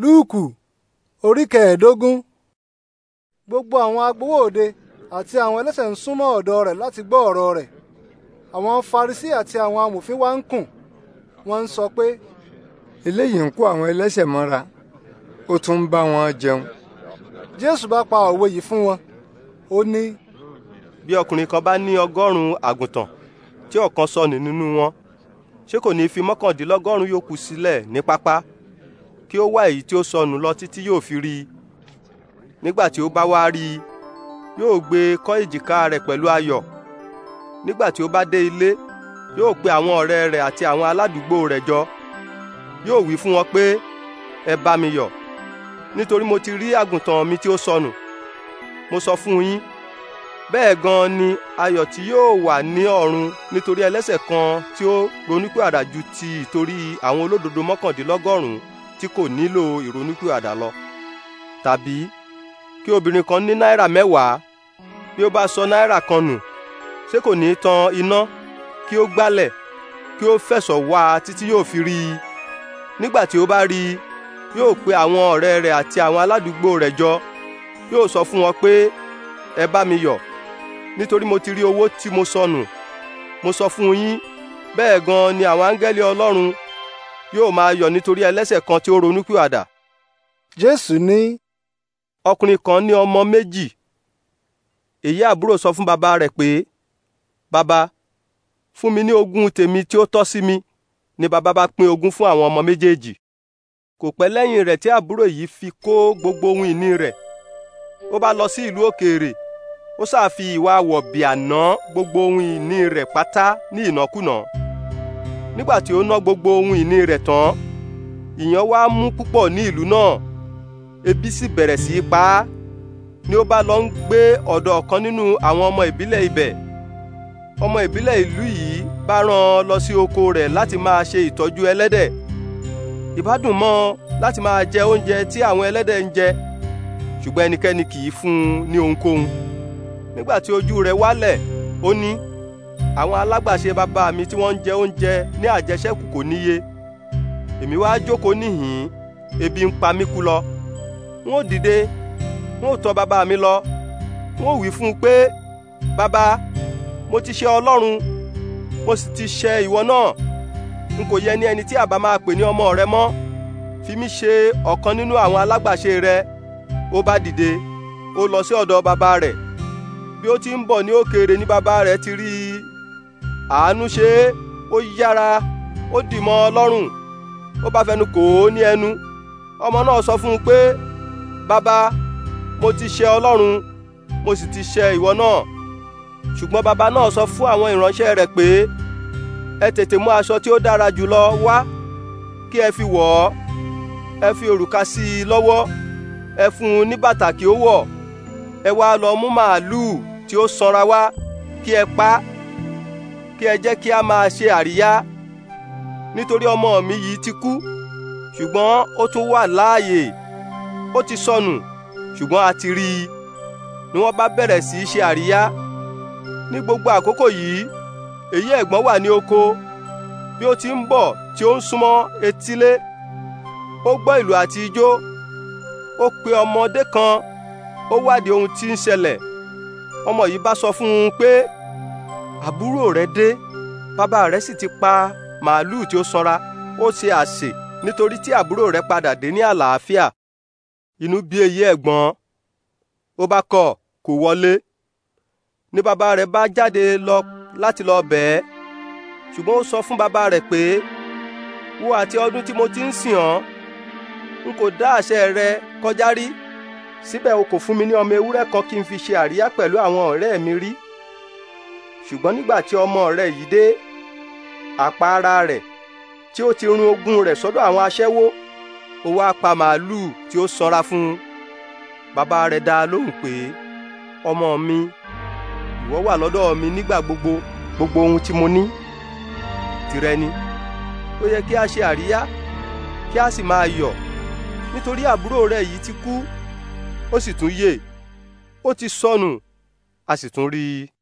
lúùkù orí kẹẹ̀ẹ́dógún gbogbo àwọn agbowó òde àti àwọn ẹlẹ́ṣẹ̀ ń súnmọ́ ọ̀dọ̀ rẹ̀ láti gbọ́ ọ̀rọ̀ rẹ̀ àwọn farisí àti àwọn amòfin wa ń kùn wọ́n ń sọ pé. eléyìí ń kó àwọn ẹlẹ́ṣẹ̀ mọ́ra ó tún ń bá wọn jẹun. jésù bá pa òwe yìí fún wọn ó ní. bí ọkùnrin kan bá ní ọgọ́rùn-ún àgùntàn tí ọ̀kan sọnù nínú wọn ṣé kò ní fi mọ́kàndínlọ́gọ́rùn-ún yòókù sílẹ̀ ní pápá kí ó wá èyí tí ó sọnù lọ títí yóò fi rí i nígbà tí ó bá wá rí i yóò gbé e kọ́ èjìká rẹ̀ pẹ̀lú ayọ̀ nígbà tí ó bá dé ilé yóò pe àwọn ọ̀rẹ́ rẹ̀ àti àwọn aládùúgbò rẹ̀ jọ yóò wí fún wọn pé ẹ bá mi yọ̀ nítorí mo ti rí àgùntàn mi tí ó sọnù mo sọ fún yín bẹ́ẹ̀ gan ni ayọ̀ tí yóò wà ní ọ̀run nítorí ẹlẹ́ṣẹ̀ kan tí ó ronúpìwàdà ju ti ìtorí àwọn olódodo mọ́kàndínlọ́gọ́rùn-ún tí kò nílò ìrònúpìwàdà lọ tàbí kí obìnrin kan ní náírà mẹ́wàá bí ó bá sọ náírà kan nù ṣé kò ní tan iná kí ó gbálẹ̀ kí ó fẹ̀sọ̀ wá a títí yóò fi rí i nígbà tí ó bá rí i yóò pe àwọn ọ̀rẹ́ rẹ̀ àti àwọn aládùúgbò rẹ̀ jọ yóò sọ fún wọn pé ẹ bá mi yọ̀ nítorí mo ti rí owó tí mo sọnù mo sọ fún yín bẹ́ẹ̀ gan ni àwọn áńgẹ́lì Ọlọ́run yóò máa yọ̀ nítorí ẹlẹ́ṣẹ̀ kan tí ó ronúpìwàdà. Jésù ní ọkùnrin kan ní ọmọ méjì ìyá àbúrò sọ fún bàbá rẹ̀ pé bàbá fún mi ní ogún tèmi tí ó tọ́ sí mi ni bàbá bá pín ogún fún àwọn ọmọ méjèèjì kò pẹ́ lẹ́yìn rẹ̀ tí àbúrò yìí fi kó gbogbo ohun ìní rẹ̀ ó bá lọ sí ìlú òkèèrè ó ṣáà ìwà wọ̀bìà ná gbogbo ohun ìní rẹ̀ pátá ní ìnákúnàá nígbà tí ó ná gbogbo ohun ìní rẹ̀ tán ìyàn wá mú púpọ̀ ní ìlú náà ebi sì bẹ̀rẹ̀ sí í pa á ni ó bá lọ ń gbé ọ̀dọ̀ ọ̀kan nínú àwọn ọmọ ìbílẹ̀ ibẹ̀ ọmọ ìbílẹ̀ ìlú yìí bá rán an lọ sí oko rẹ̀ láti máa ṣe ìtọ́jú ẹlẹ́dẹ̀ ìbádùn mọ́ ọ láti máa jẹ oúnjẹ tí àwọn ẹlẹ́dẹ̀ ń jẹ ṣùgbọ́n ẹnikẹ́ni kì í fún un ní ohunkóhun nígbà tí ojú rẹ̀ wálẹ̀ ó ní àwọn alágbàṣe bàbá mi tí wọ́n ń jẹ oúnjẹ ní àjẹṣẹ́kù kò níye èmi wá jókòó níhìn-ín ebi ń pa mí kú lọ n ó dìde n ó tọ̀ bàbá mi lọ n ó wí fún un pé bàbá mo ti ṣẹ̀ ọlọ́run mo sì ti ṣẹ̀ ìwọ náà n kò yẹ ní ẹni tí àbá máa pè ní ọmọ rẹ mọ́ fi mí ṣe ọ̀kan nínú àwọn alágbàṣe rẹ ó bá dìde ó lọ sí ọ̀dọ̀ bàbá rẹ̀ bí ó ti ń bọ̀ ní òkèèrè ní bàbá rẹ̀ ti rí i àánú ṣe é ó yára ó dì mọ́ ọ lọ́rùn ó bá fẹnu kò ó ní ẹnu ọmọ náà sọ fún un pé bàbá mo ti ṣẹ̀ ọlọ́run mo sì ti ṣẹ̀ ìwọ náà ṣùgbọ́n bàbá náà sọ fún àwọn ìránṣẹ́ rẹ̀ pé ẹ tètè mú aṣọ tí ó dára jùlọ wá kí ẹ fi wọ̀ ọ́ ẹ fi òrùka sí i lọ́wọ́ ẹ fún un ní bàtà ó wọ̀ ọ́ ẹ wá lọ mú màálùú tí ó sanra wá kí ẹ pa á kí ẹ jẹ́ kí a máa ṣe àríyá nítorí ọmọ mi yìí ti kú ṣùgbọ́n ó tún wà láàyè ó ti sọnù ṣùgbọ́n a ti rí i ni wọ́n bá bẹ̀rẹ̀ sí í ṣe àríyá ní gbogbo àkókò yìí èyí ẹ̀gbọ́n wà ní oko bí ó ti ń bọ̀ tí ó ń súnmọ́ etílé ó gbọ́ ìlù àti ijó ó pe ọmọdé kan ó wádìí ohun tí ń ṣẹlẹ̀ ọmọ yìí bá sọ fún un pé àbúrò rẹ dé bàbá rẹ sì ti pa màálùú tí ó sanra ó ṣe àṣè nítorí tí àbúrò rẹ padà dé ní àlàáfíà inú bí èyí ẹ̀gbọ́n ó bá kọ̀ kò wọlé ní bàbá rẹ bá jáde lọ láti lọ bẹ̀ẹ́ ṣùgbọ́n ó sọ fún bàbá rẹ pé wo àti ọdún tí mo ti ń sìn ọ́ n kò dá àṣẹ rẹ kọjá rí síbẹ̀ o kò fún mi ní ọmọ ewúrẹ́ kan kí n fi ṣe àríyá pẹ̀lú àwọn ọ̀rẹ́ mi rí ṣùgbọ́n nígbà tí ọmọ rẹ yìí dé àpá ara rẹ̀ tí ó ti run ogún rẹ̀ sọ́dọ̀ àwọn aṣẹ́wó ó wá pa màálùú tí ó sanra fún un bàbá rẹ̀ dá lóhùn pé ọmọ mi ìwọ wà lọ́dọ̀ mi nígbà gbogbo gbogbo ohun tí mo ní tìrẹ ni ó yẹ kí a ṣe àríyá kí a sì máa yọ̀ nítorí àbúrò rẹ yìí ti kú ó sì tún yè ó ti sọnù a sì tún rí i